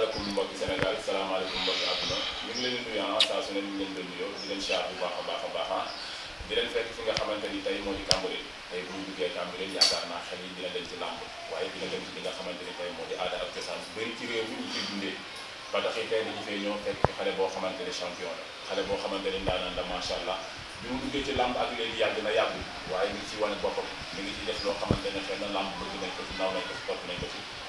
maaleykum mbokki Sénégal salaamaaleykum mbokki àdduna ñu ngi leen di nuyu ah saa su ne ñu ngi leen di nuyoo di leen siyaar bu baax a baax a baax ah di leen fekk fi nga xamante ni tey moo di Cambérène tey bu ñu duggee Cambérène yaakaar naa xel yi dina leen ci làmb waaye dina leen ci li nga xamante ni tey moo di aada ak cosaan bu bëri ci réew mi ñu ciy dundee ba tax it tey dañu fee ñëw fekk fi xale boo xamante ne champion la xale boo xamante ne ndaanaan la macha allah bi mu duggee ci làmb ak léegi yàgg na yàggul waaye mi ngi ci wane boppam mi ngi ci def loo xamante ne xëy na làmb bëgg nañ ko ci naw nañ ko ci topp nañ ko ci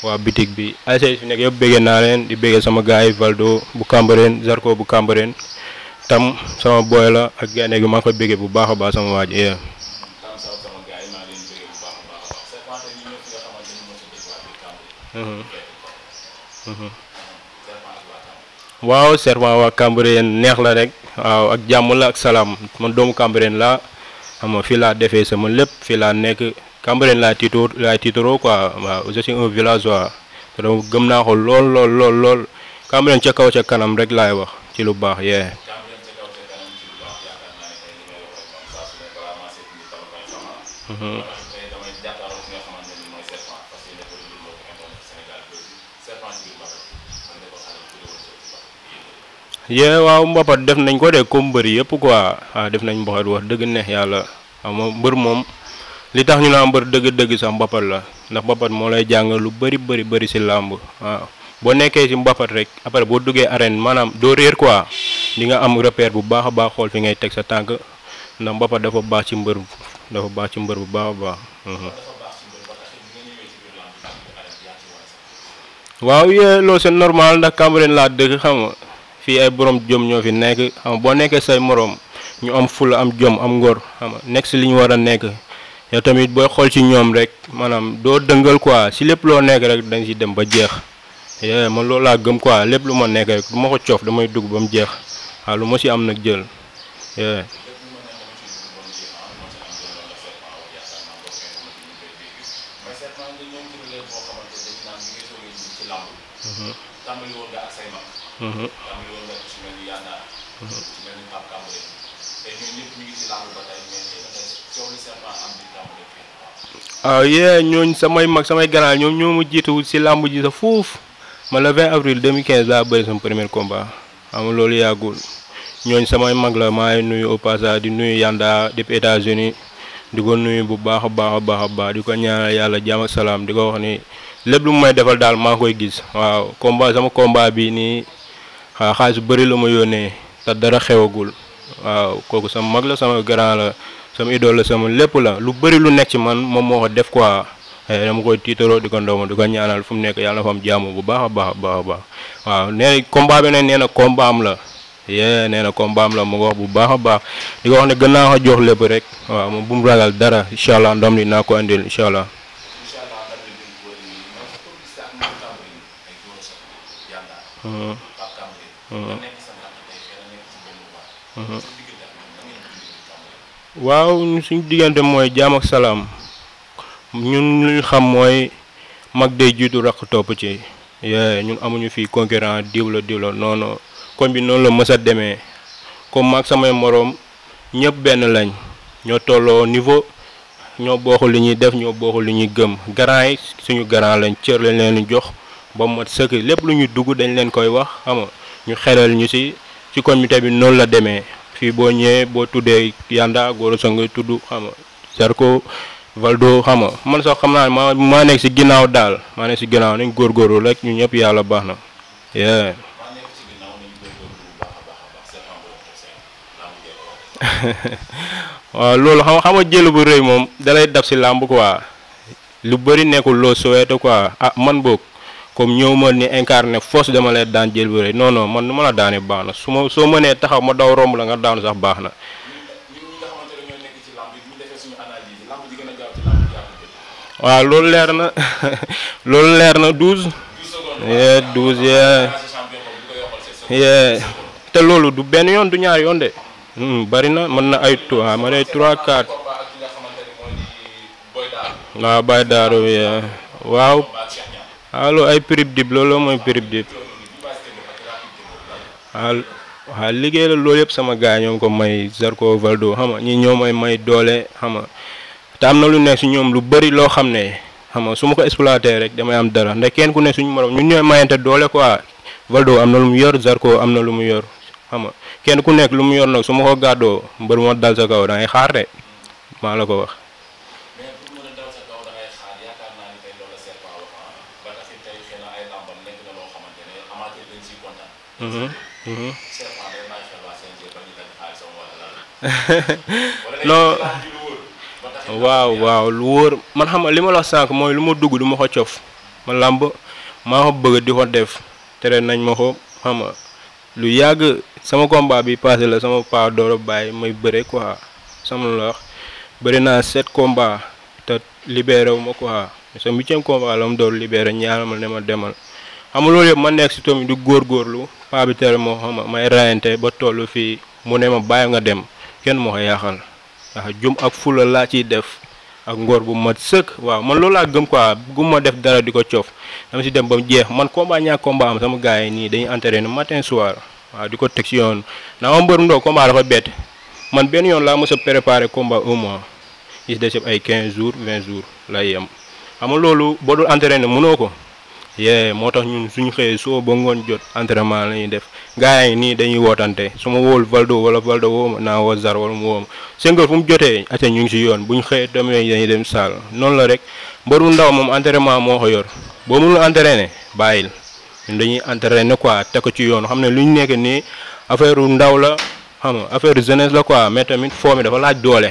waa bitig bi ASC fi nekk yëpp béggee naa leen di béggee sama gaay yi Valdo bu Cambérène Zarko bu Cambérène tam sama booy la ak gaynde gi maa ngi koy béggee bu baax a baax sama waaj mm-hmm. Mm-hmm. waaw serpent waa Cambérène neex la rek waaw ak jàmm la ak salaam man doomu Cambérène laa xam nga fii laa defee sama lépp fii laa nekk Cambérène laa tiitoo laa tiitaroo quoi waaw gëm naa ko lool lool lool lool ca kaw ca kanam rek laay wax ci lu baax yee. Mm-hmm. waaw mbapat def nañ ko de comme mbër yëpp quoi waaw ah, def nañ mbapat wax dëgg neex yàlla xam mbër moom. li tax ñu naa mbër dëgg-dëgg sax mbapat la ndax mbapat moo lay jàng lu bari bari bari si làmb waaw boo nekkee si mbapat rek après boo duggee arène maanaam doo réer quoi di nga am repère bu baax a baax xool fi ngay teg sa tànk ndax mbapat dafa baax ci mbër dafa baax ci mbër bu baax baax. Mhm. waaw yee loolu c'est normal ndax Cambérène laa dëkk xam nga fii ay borom jom ñoo fi nekk xam boo nekkee say moroom ñu am fula am jom am ngor xam nekk si li ñu war nekk. yow tamit booy xool ci ñoom rek maanaam doo dëngal quoi si lépp loo nekk rek dañ si dem ba jeex eh, man loolu laa gëm quoi lépp lu ma nekk rek du ma ko coof damay dugg ba mu jeex waaw ah, lu ma ci am nag jël. mm waaw ah, yee ñooñ samay mag samay ganaar ñoom ñoo ma jiitu si làmb ji sa foofu man le 20 avril 2015 laa bëri sama premier combat xam loolu yàggul ñooñ samay mag la maa ngi nuyu au di nuyu Yanda depuis États-Unis di ko nuyu bu baax a baax baax baax di ko ñaanal yàlla jàmm salaam di ko wax nii lépp lu may defal daal maa koy gis waaw combat sama combat bi nii xaalis bari bëri la ma yónnee te dara xewagul waaw kooku sama mag la sama grand la. sama idole la sama lépp la lu bari lu nekk ci man moom moo ko def quoi eh, dama koy tiitaroo di ko ndooma di ko ñaanal fu mu nekk yàlla na fa am jaamu bu baax a baax a baax a baax waaw nee combat bi nag nee na combat am la nee na combat am mu ko wax bu baax a baax di ko wax ne gën naa ko jox lépp rek waaw moom bu mu ragal dara incha allah ndam li naa ko andil incha allah. Mm-hmm. Mm-hmm. waaw suñu diggante mooy jaam ak salaam ñun lu xam mooy mag day jiitu rakk topp ci eh, ñun amuñu fii concurrent diw la noonu koñ bi noonu la mës demee comme maag samay moroom ñëpp benn lañ ñoo tolloo niveau ñoo bokk li ñuy def ñoo bokk li ñuy gëm garant yi suñu garant lañ cër lañ leen jox ba mat sëkk lépp lu ñu dugg dañ leen koy wax xam nga ñu xelal ñu si ci koñ bi tamit noonu la demee. fii boo ñëwee boo tuddee Yanda Gora Sogue tudd xam nga Valdo xam man sax xam naa maa maa nekk si ginnaaw daal maa nekk si ginnaaw nañ góorgóorlu rek ñu ñëpp yàlla baax na. waaw loolu xam xam nga jël bu rëy moom dalay dab si làmb quoi lu bëri nekkul loo souhaité quoi ah man boog. comme ñëw ma ni incarné force dama lay daan jël bu rëy non non man nu ma la daane baax na su ma soo mënee taxaw ma daw romb la nga daanu sax baax na. waaw loolu leer na loolu leer na douze. yee te loolu du benn yoon du ñaar yoon de. Hmm, bari na mën na ay trois ah, mën ay trois quatre. waaw waaw. allo ay Pripdip loolu mooy Pripdip waaw waaw liggéey la loolu yëpp sama gars ñoom ko may Zarko Valdo xam nga ñi ñoo may may doole xam nga te am na lu nekk si ñoom lu bëri loo xam ne xam nga su ma ko exploité rek damay am dara ndax kenn ku ne suñu morom ñun ñooy mayante doole quoi Valdo am na lu mu yor Zarko am na lu mu yor xam kenn ku nekk lu mu yor nag su ma ko gàddoo mbër moo dal sa kaw da ngay maa la ko wax. non mm-hmm. mm-hmm. waaw waaw lu wóor man xam li ma la sànq mooy lu ma dugg du ma ko cof ma làmb maa ko bëgg di ko def tere nañ ma ko xam nga lu yàgg sama combat bi passé la sama pa dooro bàyyi may bëre quoi sama la wax bëri naa sept combat te libéré wu ma quoi sa huitième la mu door libéré ñaar ma ne ma demal xam nga loolu yëpp ma nekk si tamit di góorgóorlu paa bi teel moo xam may rayante ba toll fii mu ne ma bàyyi nga dem kenn moo ko yaaxal ndax jum ak fula laa ciy def ak ngor bu mat sëkk waaw man loolu laa gëm quoi gu ma def dara di ko coof dama si dem ba mu jeex man combat ñaak combat am sama gars yi nii dañuy entraîné matin soir waaw di ko teg si yoon naa ma mbër ndoo combat dafa bett man benn yoon laa mos a préparé combat un mois gis des ay 15 jours 20 jours lay yem xam nga loolu boo dul entraîné mënoo ko. yee moo tax ñun suñu xëyee soo ba ngoon jot entraînement la ñuy def gars yi nii dañuy wootante su ma wool Valdo wala Valdo woo ma naa woo Zar wala mu woo ma sëngal fu mu jotee aca ñu ngi si yoon bu ñu xëyee tamit dañuy dem saal noonu la rek mbaru ndaw moom entraînement moo ko yor boo mënul entraîné bàyyil ñun dañuy entraîné quoi teg ci yoon xam ne lu ñu nekk nii affaire ndaw la xam affaire jeunesse la quoi mais tamit foo mi dafa laaj doole.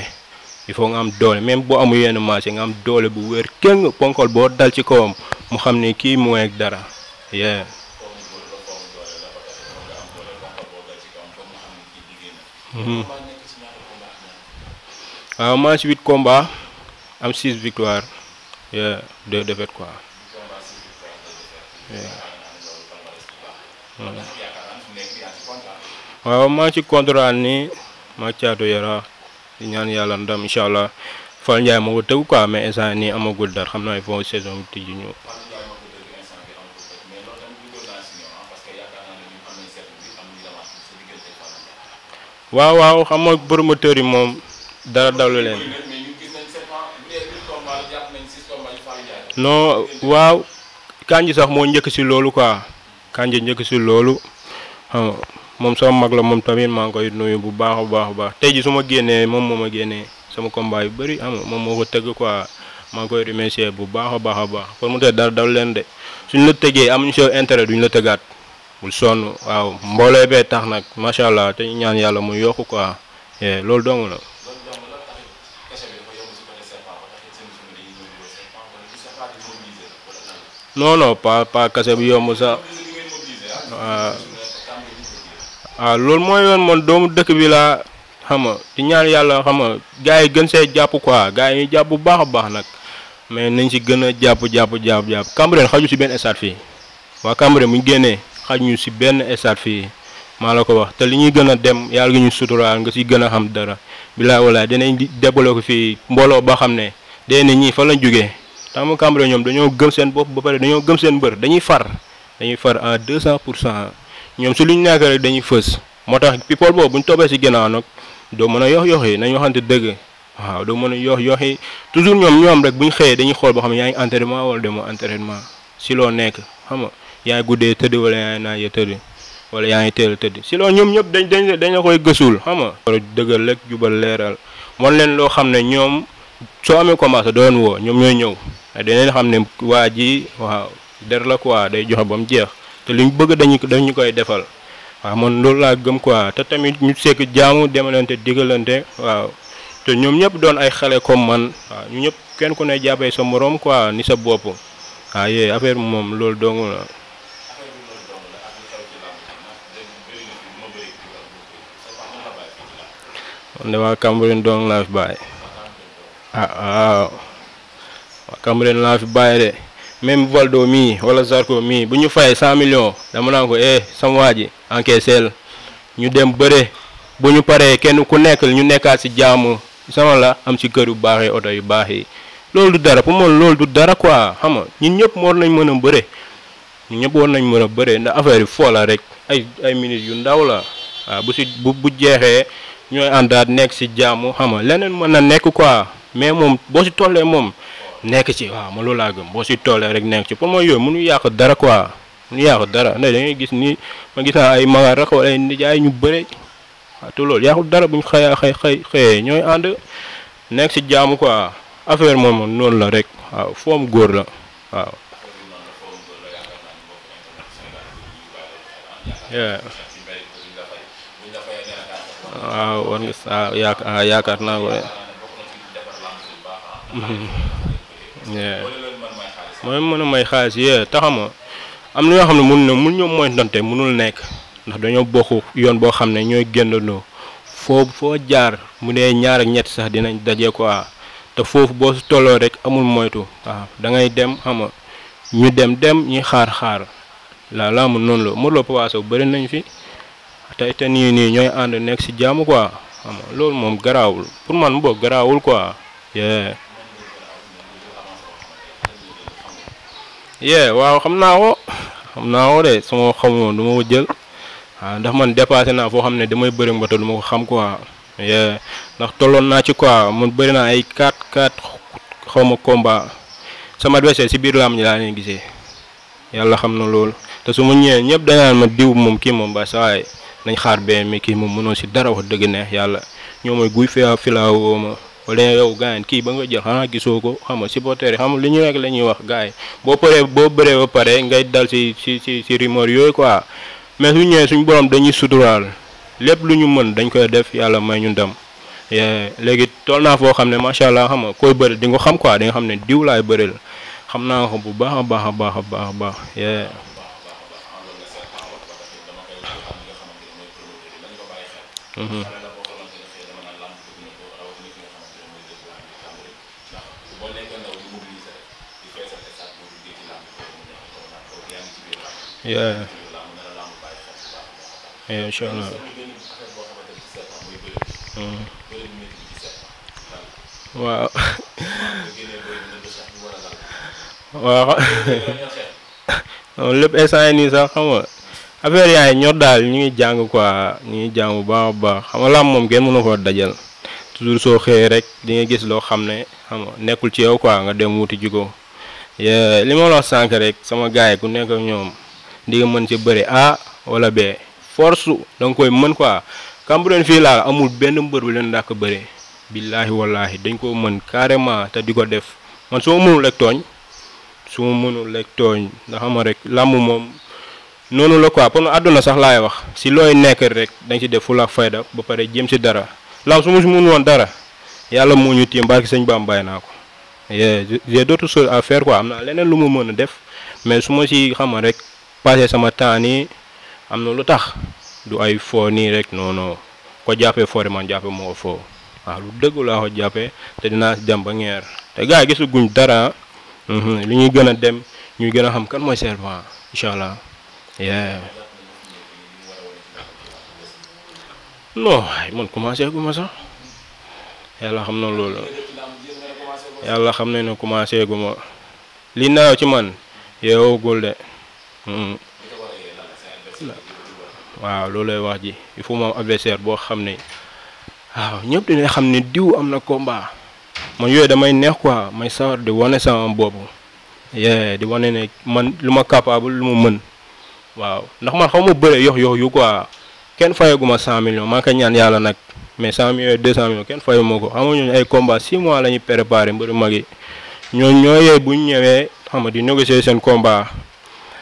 il faut nga am doole même boo amul yenn marché nga am doole bu wér kéng ponkol boo dal ci kawam mu xam ne kii mooy ak dara yee mm-hmm. waaw maa si huit combat am victoire yee deux défaites quoi waaw maa ci ñaan yàlla ndam incha allah Fall Ndiaye moo ko tëgg quoi mais instant nii amagul dara xam naa il foo saison bi tijji ñu. waaw waaw xam nga promoteur yi moom dara dalu leen. waaw Kandji sax moo njëkk si loolu quoi Kandji njëkk si loolu xam nga moom sama mag la moom tamit maa ngi koy nuyu bu baax a baax a baax tey ji su ma génnee moom moo ma génnee. sama combat yu bëri am moom moo ko tëgg quoi maa koy remercier bu baax a baax a baax promoteur dara dal leen de suñ la tëggee am ñu sew intérêt duñ la tëggaat bul sonn waaw mbooloo bee tax nag macha allah te ñaan yàlla mu yokk quoi eh, loolu dong la. non non pas kase bi yomb sax waaw ah. ah, loolu mooy yoon man doomu dëkk bi laa. xam nga di ñaan yàlla xam nga gars yi gën see jàpp quoi gars yi jàpp bu baax a baax nag mais nañ si gën a jàpp jàpp jàpp jàpp Cambérène xaju si benn stade fii waa Cambérène mu génnee génnee ñu si benn stade fii maa la ko wax te li ñuy gën a dem yàlla gi ñu suturaal nga si gën a xam dara bilaay walaay dinañ débale ko fii mbooloo ba xam ne dee ne ñii fa lañ jógee tax ma Cambérène ñoom dañoo gëm seen bopp ba pare dañoo gëm seen mbër dañuy far dañuy far à 200 pour cent ñoom si lu ñu nekk rek dañuy fës moo tax people boobu bu ñu toppee si ginnaaw nag doo mën a yox yoxi nañ waxante dëgg waaw doo mën a yox yoxi toujours ñoom ñoom rek bu ñu xëyee dañuy xool boo xam ne yaa ngi entraînement wala demoo entraînement si loo nekk xam nga yaa ngi guddee tëdd wala yaa ngi naajee tëdd wala yaa ngi teel tëdd si loo ñoom ñëpp dañ dañ dañ la koy gësul xam nga war dëggal rek jubal leeral wan leen loo xam ne ñoom soo amee combat sa doon woo ñoom ñooy ñëw dinañ xam ne waa ji waaw der la quoi day joxe ba mu jeex te liñ bëgg dañu dañu koy defal waaw man loolu laa gëm quoi te tamit ñu sekk jaamu demalante digalante waaw te ñoom ñëpp doon ay xale comme man ñu ñëpp kenn ku ne jàppee sa moroom quoi ni sa bopp waaw yooyu bi moom loolu dong la. man de waa Cambérène dong laa fi bàyyi ah, waaw waa laa fi bàyyi de. même Valdo mi wala Zarko mii bu ñu fayee cent million dama naan ko eh sama waa ji encaisseel ñu dem bëre bu ñu paree kenn ku nekk ñu nekkaat si jaamu sama la am si kër yu baax yi oto yu baax yi loolu du dara pour moom loolu du dara quoi xam nga ñun ñëpp war nañ mën a bëre ñun ñëpp war nañ mën a bëre ndax affaire yu foo rek ay ay minutes yu ndaw la waaw bu si bu bu jeexee ñooy àndaat nekk si jaamu xam nga leneen mën na nekk quoi mais moom boo si tollee moom. nekk ci waaw ma loolu laa gëm boo si toolee rek nekk ci pour mooy yooyu mënu yàq dara quoi mënu yàq dara ndax da gis ni ma gis ay magar rek ñu bëre waaw te loolu yàqul dara buñ xëyaa xëy xëy xëyee ñooy ànd nekk si jaamu quoi affaire moom noonu la rek waaw foom góor la waaw. waaw war nga saa ah, ah, yaakaar naa ko de. mooy mën a may xaalis yee taxama am na yoo xam ne mun na mun ñoom mooy donte mënul nekk ndax dañoo bokk yoon boo xam ne ñooy génnandoo foo foo jaar mu dee ñaar ak ñett sax dinañ daje quoi te foofu boo tolloo rek amul moytu waaw da ngay dem xama ñu dem dem ñuy xaar xaar laa laa mu noonu la Modou Lo Papa Sow bëri fi te te nii nii ñooy ànd nekk ci jàmm quoi xam nga loolu moom garaawul pour man boo garaawul quoi. waaw xam naa ko xam naa ko de su ma xamoon du ma ko jël waaw ah, ndax man dépassé naa foo xam ne damay bëri mbato du ma ko xam quoi ndax tolloon naa ci quoi man bëri naa ay 4 4 xaw ma combat sama adversaire si biir am ñi laa leen gisee yàlla xam na loolu te su ma ñëwee ñëpp danaan ma diw moom kii moom ba sawaay nañ xaar bee mi kii moom mënoo si dara wax dëgg neex yàlla ñoo mooy guy fi filaaw ma wala yow gaañ kii ba nga jël xanaa gisoo ko xam nga supporter yi li ñu rek la ñuy wax gars yi boo paree boo bëree ba pare ngay dal si si si si rumeur yooyu quoi mais suñ ñëwee suñ borom dañuy suturaal lépp lu ñu mën dañ koy def yàlla may ñu ndam eh, léegi tool naa foo xam ne macha allah xam nga koy di nga xam quoi di nga ne diw laay bëril xam naa ko bu baax a baax a baax a baax a baax. Eh. Mhm. yeah incha allah waaw waaw lépp instant yi sax xam nga yaay ñor daal ñu ngi jàng quoi ñu ngi jàng bu baax a baax xam nga làmb moom kenn mënu ko dajal toujours soo xëyee rek di nga gis loo xam ne xam nekkul ci yow quoi nga dem wuti ji ko li ma la wax rek sama gars yi ku nekk ñoom. di nga mën ci bëri A wala B force da nga koy mën quoi Cambérène fii laa amul benn mbër bu leen dàq bëri billaahi wallaahi dañ koo mën carrément te di ko def man su ma mënul rek tooñ su ma mënul rek tooñ ndax xam rek làmb moom noonu la ko pour àdduna sax laay wax si looy nekk rek dañ ci def fulla ak fayda ba pare jëm si dara làmb su ma si dara yàlla moo ñu tiim barki sëñ Bamba bàyyi naa ko j'ai d'autres choses à faire quoi am naa leneen lu mu mën a def mais su ma si xama rek passé sama temps nii am na lu tax du ay foo nii rek noonu non ko jàppee foo i man jàppe moo foo waaw ah, lu dëgg laa ko jàppee te dinaa si dem ba ngeer te gaa yi gisaguñ dara mhm, li ñuy gën a dem ñuy gën a xam kan mooy Servent incha allah yeah non waaye man commencé gu ma sax yàlla xam na loolu yàlla xam na ne commencé gu ma li naaw ci man yeewagul de Mm-hmm. waaw loolu lay wax ji il faut moom adversaire boo xam ne waaw ñëpp dina xam ne diw am na combat man yooyu damay neex quoi may sawar di wane sama bopp di wane ne man lu ma capable lu mu mën waaw ndax man xaw ma bëre yox yox yu quoi kenn fayaguma cent millions maa ngi koy ñaan yàlla nag mais cent millions deux cent millions kenn fayu ma ko xam nga ay combat six mois la ñuy préparé mbëri mag yi ñooñu ñoo yee bu ñu xam nga di négocier seen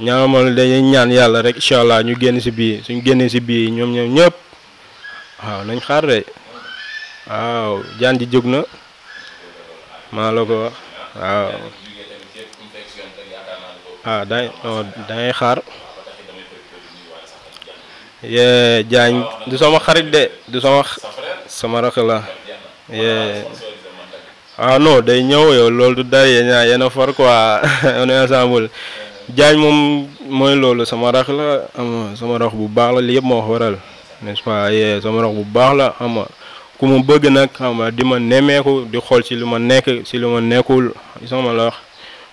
ñaamal dañuy ñaan yàlla rek incha allah ñu génn si biir suñ génnee si bii ñoom ñoom ñëpp waaw nañ xaar de waaw jaan ji jóg na maa la ko wax waaw ah, dangay xaar yee jaañ du sama la ah, day ñëw yow loolu du day yéen a far quoi on ensemble Diagne moom mooy loolu sama rax la ama sama rax bu baax la li yëpp ma wax waral n'est-ce sama rax bu baax la ama ku ma bëgg nag ama di ma nemmeeku di xool ci li ma nekk si li ma nekkul sama la wax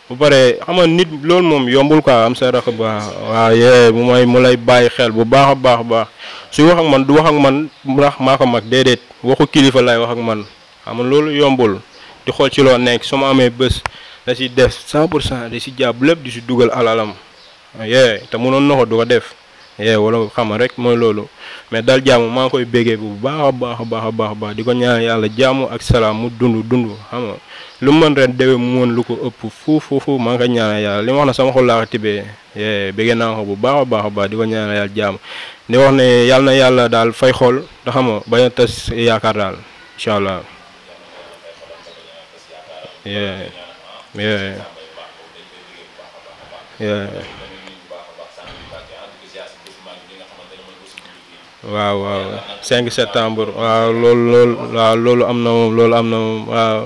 bu paree xam nga nit loolu moom yombul quoi am sa rax baax waaw yee bu may mu lay bàyyi xel bu baax a baax baax suy wax ak man du wax ak man rax maa ko mag déedéet waxu kilifa lay wax ak man xam na loolu yombul di xool ci loo nekk su ma amee bés da si def cent pour cent da si jàpp lépp di si dugal alalam yee te mënoon na ko du ko def yee wala xam rek mooy loolu mais daal jàmm maa ngi koy béggee bu baax a baax a baax a baax di ko ñaan yàlla jàmm ak salaam mu dund dund xam lu mu mën ren déwé mu mën lu ko ëpp fu fuuf fuuf maa ngi koy ñaan yàlla li ma wax na sama xol laa ko tibee yee béggee naa ko bu baax a baax a baax di ko ñaan yàlla jàmm di wax ne yàlla na yàlla daal fay xool te xam nga bañ a tas yaakaar daal incha allah. yee yee waaw waaw 5 septembre waaw loolu loolu am na moom loolu am na waaw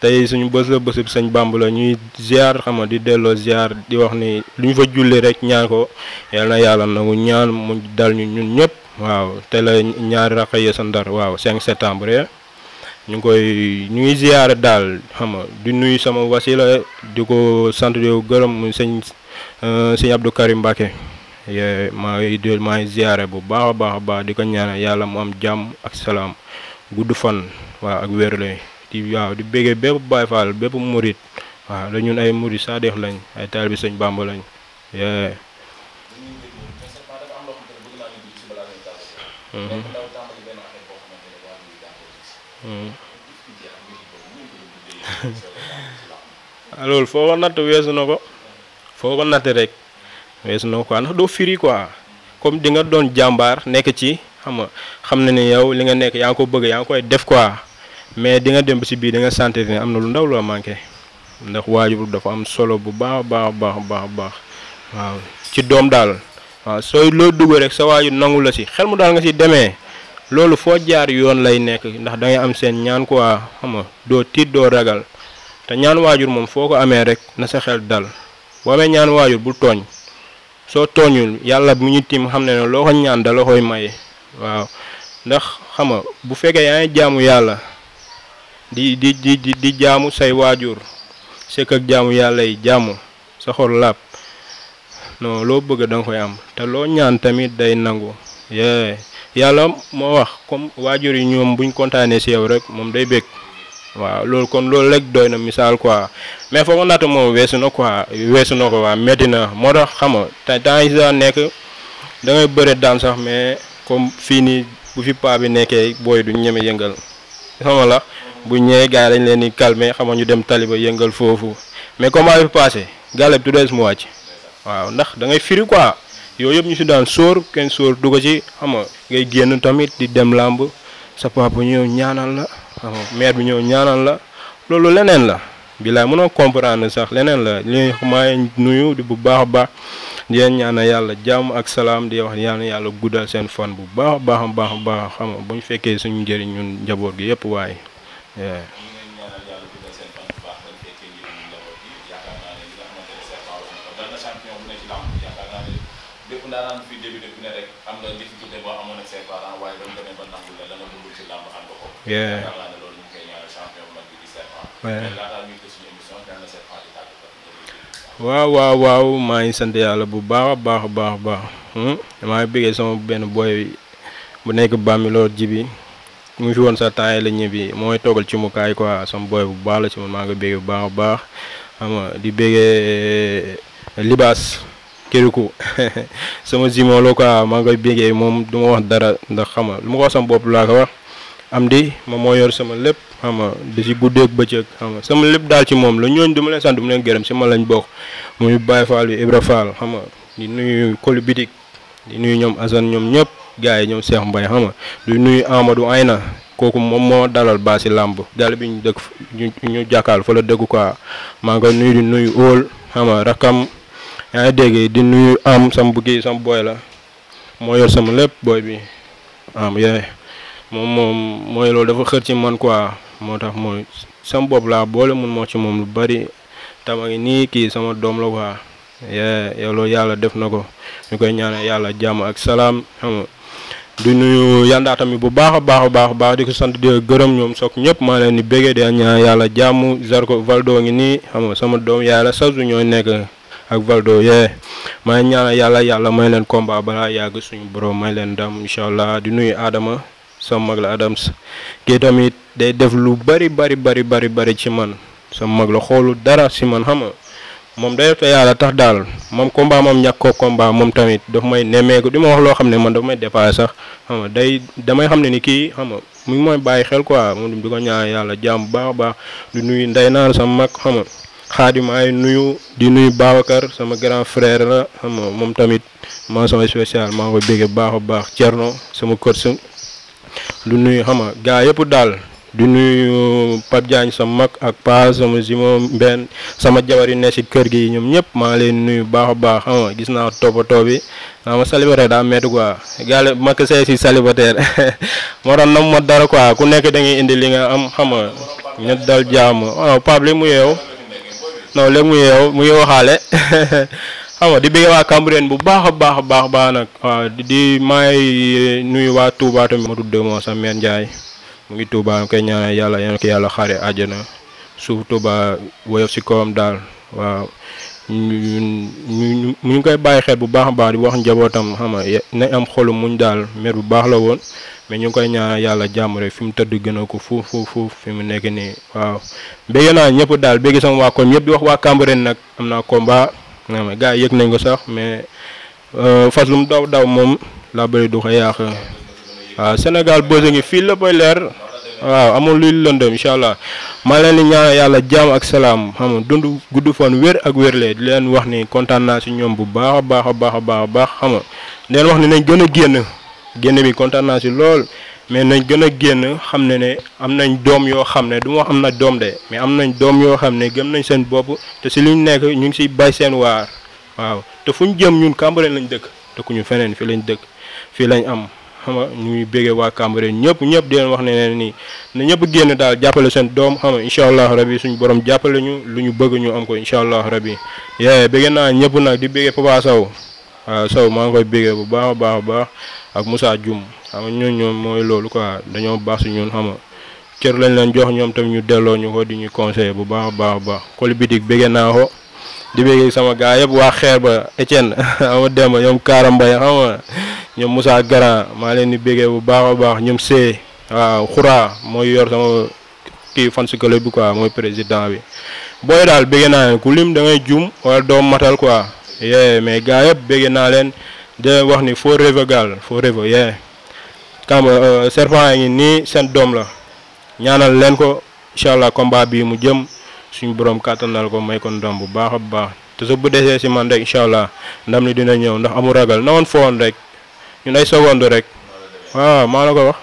tey suñu bës la bësub sëñ Bàmba la ñuy ziar xam nga di delloo ziar di wax ni lu ñu fa julli rek ñaan ko yal na yàlla nangu ñaan mu dal ñu ñun ñëpp waaw te la ñaari raxa yee sa ndar waaw 5 septembre ñu ngi koy ñu ngi ziyaare daal xam nga di nuyu sama wasila di ko sant di gërëm muy sëñ euh, sëñ Abdou Karim Mbacke maa ngi ziyaare bu baax a baax a baax di ko ñaanal yàlla mu am jàmm ak salaam gudd fan waaw ak wérle di waaw di béggee bépp Baay Faal bépp murit waa la ñun ay murit saadeex lañ ay taalibe sëñ Bàmba lañ loolu foo ko natt weesu na ko foo ko natt rek weesu na ko quoi ndax doo firi quoi comme di nga doon jàmbaar nekk ci xam xam na ni yow li nga nekk yaa ngi ko bëgg yaa ngi koy def quoi mais di nga dem si biir di nga sentir ne am na lu ndaw loo manqué ndax waajur dafa am solo bu baax baax baax baax baax waaw ci doom daal waaw sooy loo dugg rek sa waajur nangu la si xel mu daal nga si demee. loolu foo jaar yoon lay nekk ndax da am seen ñaan quoi xam nga doo tiit doo ragal te ñaan waajur moom foo ko amee rek na sa xel dal boo amee ñaan waajur bul tooñ soo tooñul yàlla bu ñu tim xam ne ne loo ko ñaan da koy maye waaw ndax xam nga bu fekkee yaa ngi jaamu yàlla di di di di jaamu say waajur sekk ak jaamu yàlla yi jaamu sa xol laab non loo bëgg da nga koy am te loo ñaan tamit day nangu yee yàlla moo wax comme waajur yi ñoom buñ kontaanee si yow rek moom day bëgg waaw loolu kon loolu rek doy na misaal quoi mais foog natt moom weesu na quoi weesu na ko waa métti na moo tax xam nga te temps yi daan nekk da ngay bëre daan sax mais comme fii nii bu fi paa bi nekkee booy du ñeme yëngal xam la bu ñëwee gars dañ leen di calmer xam nga ñu dem taliba yëngal foofu mais comme bi passé du tout des mu wàcc waaw ndax da ngay firi yooyu yëpp ñu si daan sóor kenn sóor du ko ci xam ngay génn tamit di dem làmb sa papa ñëw ñaanal la xam nga bi ñëw ñaanal la loolu leneen la bilaay mënoo comprendre sax leneen la li maa nuyu di bu baax a baax di leen ñaanal yàlla jàmm ak salaam di wax yàlla yàlla guddal seen fan bu baax a baax a baax baax xam nga bu ñu fekkee suñu njëriñ ñun njaboot gi yëpp waaye. daanaan fii début ah. waaw waaw waaw maa ngi sant yàlla bu baax a baax baax baax hmm? maa ngi bëggee sama benn booy bu nekk bàmmi loolu ji bi mu fi woon sax temps la ñibbi mooy toogal ci mu kaay quoi sama booy bu baax la ci man maa ngi bëggee bu baax a baax xam di bëggee libaas. kiriku sama zimo loo quoi maa ngi koy moom du ma wax dara ndax xam nga lu ma ko wax sama bopp laa ko wax am di moom moo yor sama lépp xam nga di si guddeeg bëccëg xam sama lépp daal ci moom la ñooñu du ma leen sant du ma leen gërëm si ma lañ bokk muy Baye Fall yu Ibra Fall xam nga di nuyu Koli Bitik di nuyu ñoom Assane ñoom ñëpp gars yi ñoom Cheikh Mbaye xam nga di nuyu Amadou Ayna kooku moom moo dalal baa si làmb dal bi ñu dëkk ñu jàkkaal fa la dëkk quoi maa yaa dégg di nuyu am sam bu kii sam booy la moo yor sama lépp booy bi am yaay moom moom mooy loolu dafa xër ci man quoi moo tax mooy sam bopp laa boole mun moo ci moom lu bari tama ngi nii kii sama doom la quoi yee yow loolu yàlla def na ko ñu koy ñaanal yàlla jàmm ak salaam xam nga di nuyu yandaa bu baax a baax a baax a baax di ko sant di gërëm ñoom soog ñëpp maa leen di béggee di ñaan yàlla jàmm Zarko Valdo ngi nii xam nga sama doom yaay la sasu nekk ak Valdo yee may ñaanal yàlla yàlla may leen combat balaa yàgg suñu borom may leen ndam incha allah di nuyu Adama sama mag la Adams kii tamit day def lu bari bari bari bari bari ci man sama mag la xoolu dara si man xam moom day def yàlla tax daal moom combat moom ñàkk ko combat moom tamit daf may nemmeeku di ma wax loo xam ne man daf may dépassé sax xam day damay xam ne ni kii xam mu ngi mooy bàyyi xel quoi moom di ko ñaan yàlla jàmm baax a baax di nuyu ndey naan sama mag xam xaadim ay nuyu di nuyu Babacar sama grand frère la xam moom tamit mention spéciale maa ngi koy bégge baax a baax Thierno sama coach lu nuyu xama nga gaa yëpp daal di nuyu Pape Diagne sama mag ak Pa sama Zimo Mbène sama jabar yu ne si kër gi ñoom ñëpp maa leen nuyu baax a baax xam nga gis naa toppatoo bi waaw ah, ma célibataire daa métti quoi gàll ma ko see si célibataire moo tax nam ma dara quoi ku nekk da indi li nga am xam nga ñu dal jàmm waaw ah, Pape li mu yeew non léegi mu yeew mu ngi waxaale xam nga di bëgg waa Cambérène bu baax a baax a baax baax nag waaw di may nuyu waa Touba tamit ma tudd moo sax mère Ndiaye mu ngi tuubaa mu koy ñaanal yàlla yàlla xare àjjana suuf Touba woyof si kawam daal waaw ñu ñu koy bàyyi xel bu baax a baax di wax njabootam xam nañ am xolu muñ daal mère bu baax la woon. mais ñu koy ñaanal yàlla jàmm rek fi mu tëdd gën ko fuuf fuuf fuuf fi mu nekk nii waaw bégg naa ñëpp daal bégg sama waa koñ ñëpp di wax waa Cambérène nag am naa combat ma gars yi yëg nañ ko sax mais euh, fas lu mu daw daw moom laa bëri du ko yàq waaw Sénégal bës ngi fii la leer waaw amul luy lëndëm incha allah maa leen di yàlla jàmm ak salaam xam dund gudd fan wér ak wérle di leen wax ni kontaan naa si ñoom bu baax a baax a baax a baax a baax xam nga di leen wax ni nañ gën a génn. génn bi kontaan naa si lool mais nañ gën a génn xam ne ne am nañ doom yoo xam ne du ma am na doom de mais am nañ doom yoo xam ne gëm nañ seen bopp te si lu liñ nekk ñu ngi siy bay seen waar waaw te fu ñu jëm ñun Cambérène lañ dëkk dëkkuñu feneen fii lañ dëkk fii lañ am xam ñu ñuy béggee waa Cambérène ñëpp ñëpp di leen wax ne leen nii na ñëpp génn daal jàppale seen doom xam nga incha allah rabi suñu borom jàppale ñu lu ñu bëgg ñu am ko incha allah rabi yee béggee naa ñëpp nag di béggee Papa Sow waaw Sow maa ngi ak musaa Dioum xam nga ñooñu ñoom mooy loolu quoi dañoo baax si ñun xam nga cër lañ leen jox ñoom tam ñu delloo ñu ko di ñu conseillé bu baax a baax a baax Coly Bitik bëgg naa ko di bëgg sama gaa yëpp waa xeer ba Etienne xam nga Demba ñoom Kaara Mbaye xam nga ñoom Moussa Garan maa leen di bëggee bu baax a baax ñoom see waaw xuraa mooy yor sama kii fan si club bi quoi mooy président bi booy daal bëgg naa leen ku lim da ngay wala doo matal quoi mais gaa naa leen. di wax ni forever girl forever yeah kam euh, serpent ngi nii seen doom la ñaanal leen ko incha allah combat bii mu jëm suñu borom kàttanal ko may ko ndam bu baax a baax te su bu desee si man rek incha allah ndam li dina ñëw ndax amul ragal na woon foon rek ñun ay seconde rek waaw maa la ko wax.